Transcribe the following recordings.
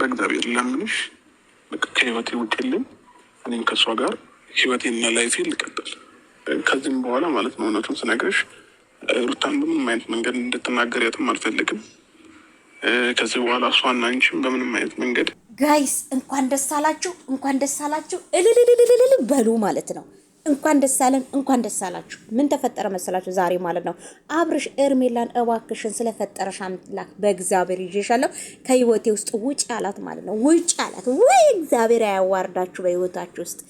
በእግዚአብሔር ለምንሽ ከህይወቴ ውጭልኝ፣ እኔም ከእሷ ጋር ህይወቴና ላይፌ ልቀጥል ከዚህም በኋላ ማለት ነው። እውነቱን ስነግርሽ ሩታን በምንም አይነት መንገድ እንድትናገር ያትም አልፈልግም። ከዚህ በኋላ እሷና አንቺም በምንም አይነት መንገድ ጋይስ፣ እንኳን ደስ አላችሁ፣ እንኳን ደስ አላችሁ እልልልልልል በሉ ማለት ነው። እንኳን ደስ አለን፣ እንኳን ደስ አላችሁ። ምን ተፈጠረ መሰላችሁ? ዛሬ ማለት ነው አብርሽ እርሜላን እባክሽን ስለፈጠረሽ አምላክ በእግዚአብሔር ይዤሻለሁ ከህይወቴ ውስጥ ውጭ አላት ማለት ነው። ውጭ አላት ወይ እግዚአብሔር አያዋርዳችሁ በህይወታችሁ ውስጥ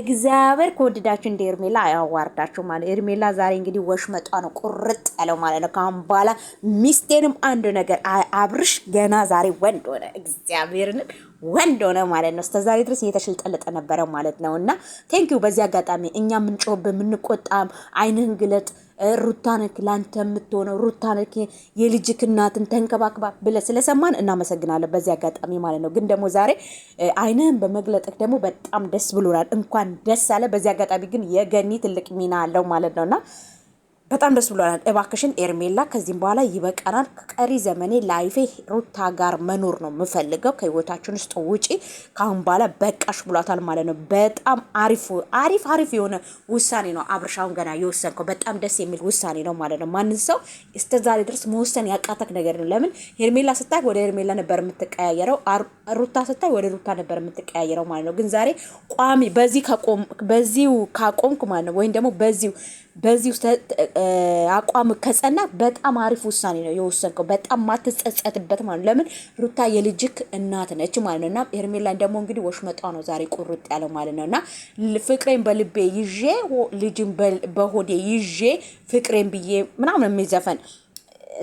እግዚአብሔር ከወደዳችሁ እንደ እርሜላ አያዋርዳችሁ ማለት ነው። እርሜላ ዛሬ እንግዲህ ወሽመጧ ነው ቁርጥ ያለው ማለት ነው። ከአሁን በኋላ ሚስቴንም አንድ ነገር አብርሽ ገና ዛሬ ወንድ ሆነ እግዚአብሔርን ወንድ ሆነ ማለት ነው። እስከዛሬ ድረስ እየተሽልጠለጠ ነበረ ማለት ነው። እና ቴንኪዩ በዚህ አጋጣሚ እኛ የምንጮህብህ የምንቆጣም አይንህን ግለጥ ሩታነክ ለአንተ የምትሆነው ሩታነክ የልጅክ እናትን ተንከባክባ ብለ ስለሰማን እናመሰግናለን በዚህ አጋጣሚ ማለት ነው። ግን ደግሞ ዛሬ አይንህን በመግለጥህ ደግሞ በጣም ደስ ብሎናል። እንኳን ደስ አለ። በዚህ አጋጣሚ ግን የገኒ ትልቅ ሚና አለው ማለት ነው እና በጣም ደስ ብሎናል። እባክሽን ኤርሜላ፣ ከዚህም በኋላ ይበቃናል። ቀሪ ዘመኔ ላይፌ ሩታ ጋር መኖር ነው የምፈልገው። ከህይወታችን ውስጥ ውጪ ካሁን በኋላ በቃሽ ብሏታል ማለት ነው። በጣም አሪፍ አሪፍ አሪፍ የሆነ ውሳኔ ነው አብርሻውን ገና የወሰንከው። በጣም ደስ የሚል ውሳኔ ነው ማለት ነው። ማንን ሰው እስከዛሬ ድረስ መወሰን ያቃተክ ነገር ነው። ለምን ሄርሜላ ስታይ ወደ ሄርሜላ ነበር የምትቀያየረው፣ ሩታ ስታይ ወደ ሩታ ነበር የምትቀያየረው ማለት ነው። ግን ዛሬ ቋሚ በዚህ በዚሁ ካቆምኩ ማለት ነው ወይም ደግሞ በዚሁ በዚህ ውስጥ አቋም ከጸና በጣም አሪፍ ውሳኔ ነው የወሰንከው። በጣም ማትጸጸትበት ማለት ለምን ሩታ የልጅክ እናት ነች ማለት ነው። እና ሄርሜላን ደግሞ እንግዲህ ወሽመጧ ነው ዛሬ ቁርጥ ያለው ማለት ነው። እና ፍቅሬን በልቤ ይዤ ልጅን በሆዴ ይዤ ፍቅሬን ብዬ ምናምን የሚዘፈን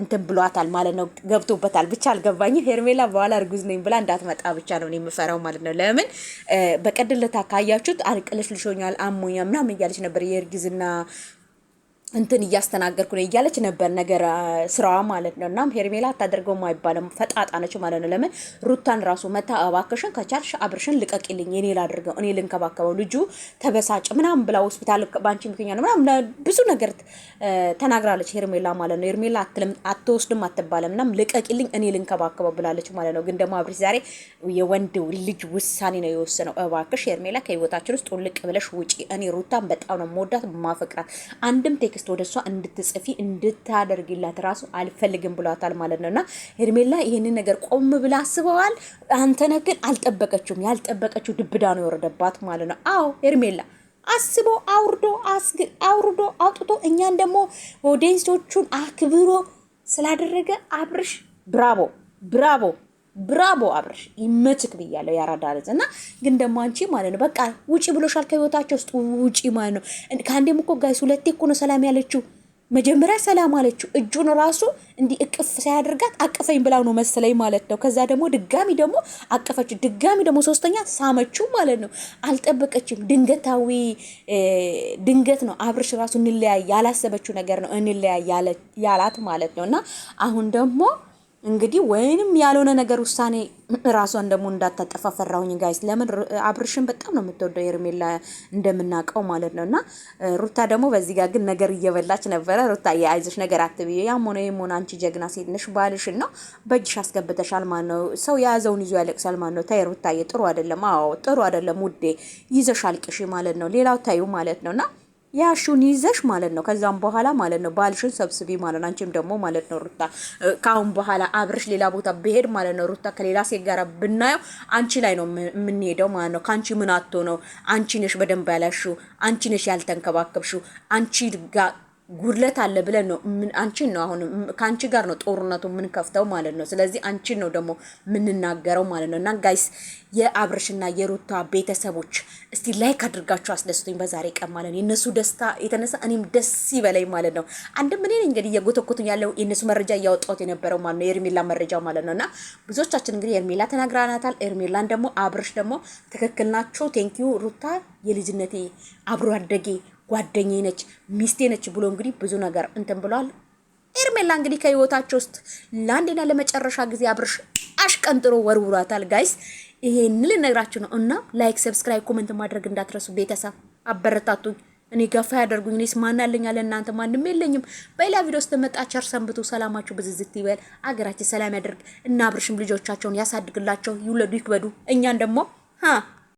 እንትን ብሏታል ማለት ነው። ገብቶበታል። ብቻ አልገባኝም። ሄርሜላ በኋላ እርጉዝ ነኝ ብላ እንዳትመጣ ብቻ ነው የምፈራው ማለት ነው። ለምን በቀደም ዕለት ካያችሁት አልቅልሽ ልሾኛል፣ አሞኛል ምናምን እያለች ነበር የእርግዝና እንትን እያስተናገርኩ ነው እያለች ነበር ነገር ስራዋ ማለት ነው። እናም ሄርሜላ አታደርገውም አይባልም፣ ፈጣጣ ነች ማለት ነው። ለምን ሩታን ራሱ መታ እባክሽን ከቻልሽ አብርሽን ልቀቂልኝ፣ እኔ ላድርገው፣ እኔ ልንከባከበው፣ ልጁ ተበሳጭ ምናምን ብላ ሆስፒታል በአንቺ ምክንያት ነው ምናምን ብዙ ነገር ተናግራለች ሄርሜላ ማለት ነው። ሄርሜላ አትወስድም አትባለም፣ እናም ልቀቂልኝ፣ እኔ ልንከባከበው ብላለች ማለት ነው። ግን ደግሞ አብርሽ ዛሬ የወንድ ልጅ ውሳኔ ነው የወሰነው። እባክሽ ሄርሜላ ከህይወታችን ውስጥ ጡልቅ ብለሽ ውጪ፣ እኔ ሩታን በጣም ነው የምወዳት የማፈቅራት አንድም ቴክ ቴክስት ወደ እሷ እንድትጽፊ እንድታደርግላት ራሱ አልፈልግም ብሏታል ማለት ነው። እና ሄርሜላ ይህንን ነገር ቆም ብላ አስበዋል። አንተነ ግን አልጠበቀችውም። ያልጠበቀችው ድብዳ ነው የወረደባት ማለት ነው። አዎ ሄርሜላ አስቦ አውርዶ አውርዶ አውጥቶ እኛን ደግሞ ኦዲየንሶቹን አክብሮ ስላደረገ አብርሽ ብራቦ ብራቦ ብራቦ አብርሽ ይመችክ ብያለሁ። ያራዳ ልጅ እና ግን ደግሞ አንቺ ማለት ነው በቃ ውጪ ብሎሻል ከህይወታቸው ውስጥ ውጪ ማለት ነው። ከአንዴም እኮ ጋይስ ሁለቴ እኮ ነው ሰላም ያለችው። መጀመሪያ ሰላም አለችው። እጁን ራሱ እንዲህ እቅፍ ሳያደርጋት አቅፈኝ ብላው ነው መሰለኝ ማለት ነው። ከዛ ደግሞ ድጋሚ ደግሞ አቀፈችው፣ ድጋሚ ደግሞ ሶስተኛ ሳመችው ማለት ነው። አልጠበቀችም። ድንገታዊ ድንገት ነው። አብርሽ ራሱ እንለያይ ያላሰበችው ነገር ነው እንለያይ ያላት ማለት ነው እና አሁን ደግሞ እንግዲህ ወይንም ያልሆነ ነገር ውሳኔ ራሷን ደግሞ እንዳታጠፋ ፈራሁኝ ጋይስ። ለምን አብርሽን በጣም ነው የምትወደው ሄርሜላ እንደምናውቀው ማለት ነው። እና ሩታ ደግሞ በዚህ ጋር ግን ነገር እየበላች ነበረ። ሩታ የያይዝሽ ነገር አትብዬ፣ ያም ሆነ ይም ሆነ አንቺ ጀግና ሴት ነሽ። ባልሽን ነው በእጅሽ አስገብተሻል ማለት ነው። ሰው የያዘውን ይዞ ያለቅሳል ማለት ነው። ታይ ሩታዬ፣ ጥሩ አይደለም። አዎ ጥሩ አይደለም ውዴ፣ ይዘሽ አልቅሽ ማለት ነው። ሌላው ታዩ ማለት ነው እና ያሹን ይዘሽ ማለት ነው። ከዛም በኋላ ማለት ነው ባልሽን ሰብስቢ ማለት ነው። አንቺም ደግሞ ማለት ነው ሩታ ከአሁን በኋላ አብርሽ ሌላ ቦታ ብሄድ ማለት ነው ሩታ ከሌላ ሴት ጋር ብናየው አንቺ ላይ ነው የምንሄደው ማለት ነው። ከአንቺ ምን አቶ ነው አንቺ ነሽ በደንብ ያላሹ አንቺ ነሽ ያልተንከባከብሹ አንቺ ጉድለት አለ ብለን ነው አንቺን ነው አሁን ከአንቺ ጋር ነው ጦርነቱ የምንከፍተው ማለት ነው። ስለዚህ አንቺን ነው ደግሞ የምንናገረው ማለት ነው። እና ጋይስ የአብርሽና የሩታ ቤተሰቦች እስቲ ላይክ አድርጋችሁ አስደስቶኝ በዛሬ ቀን ማለት ነው። የእነሱ ደስታ የተነሳ እኔም ደስ ይበለኝ ማለት ነው። አንድም እኔ እንግዲህ እየጎተኮቱኝ ያለው የእነሱ መረጃ እያወጣሁት የነበረው ማለት ነው፣ የእርሜላ መረጃ ማለት ነው። እና ብዙዎቻችን እንግዲህ ኤርሜላ ተናግራናታል። እርሜላን ደግሞ አብርሽ ደግሞ ትክክል ናቸው። ቴንኪዩ ሩታ የልጅነቴ አብሮ አደጌ ጓደኛ ነች፣ ሚስቴ ነች ብሎ እንግዲህ ብዙ ነገር እንትን ብሏል። ኤርሜላ እንግዲህ ከህይወታቸው ውስጥ ለአንዴና ለመጨረሻ ጊዜ አብርሽ አሽቀንጥሮ ወርውሯታል። ጋይስ ይሄን ልነግራችሁ ነው እና ላይክ፣ ሰብስክራይብ፣ ኮመንት ማድረግ እንዳትረሱ ቤተሰብ አበረታቱኝ። እኔ ገፋ ያደርጉኝ። እኔስ ማን አለኝ አለ እናንተ ማንም የለኝም። በሌላ ቪዲዮ ውስጥ ተመጣ ቸር ሰንብቱ። ሰላማችሁ ብዝዝት ይበል። አገራችን ሰላም ያደርግ እና አብርሽም ልጆቻቸውን ያሳድግላቸው፣ ይውለዱ፣ ይክበዱ። እኛን ደግሞ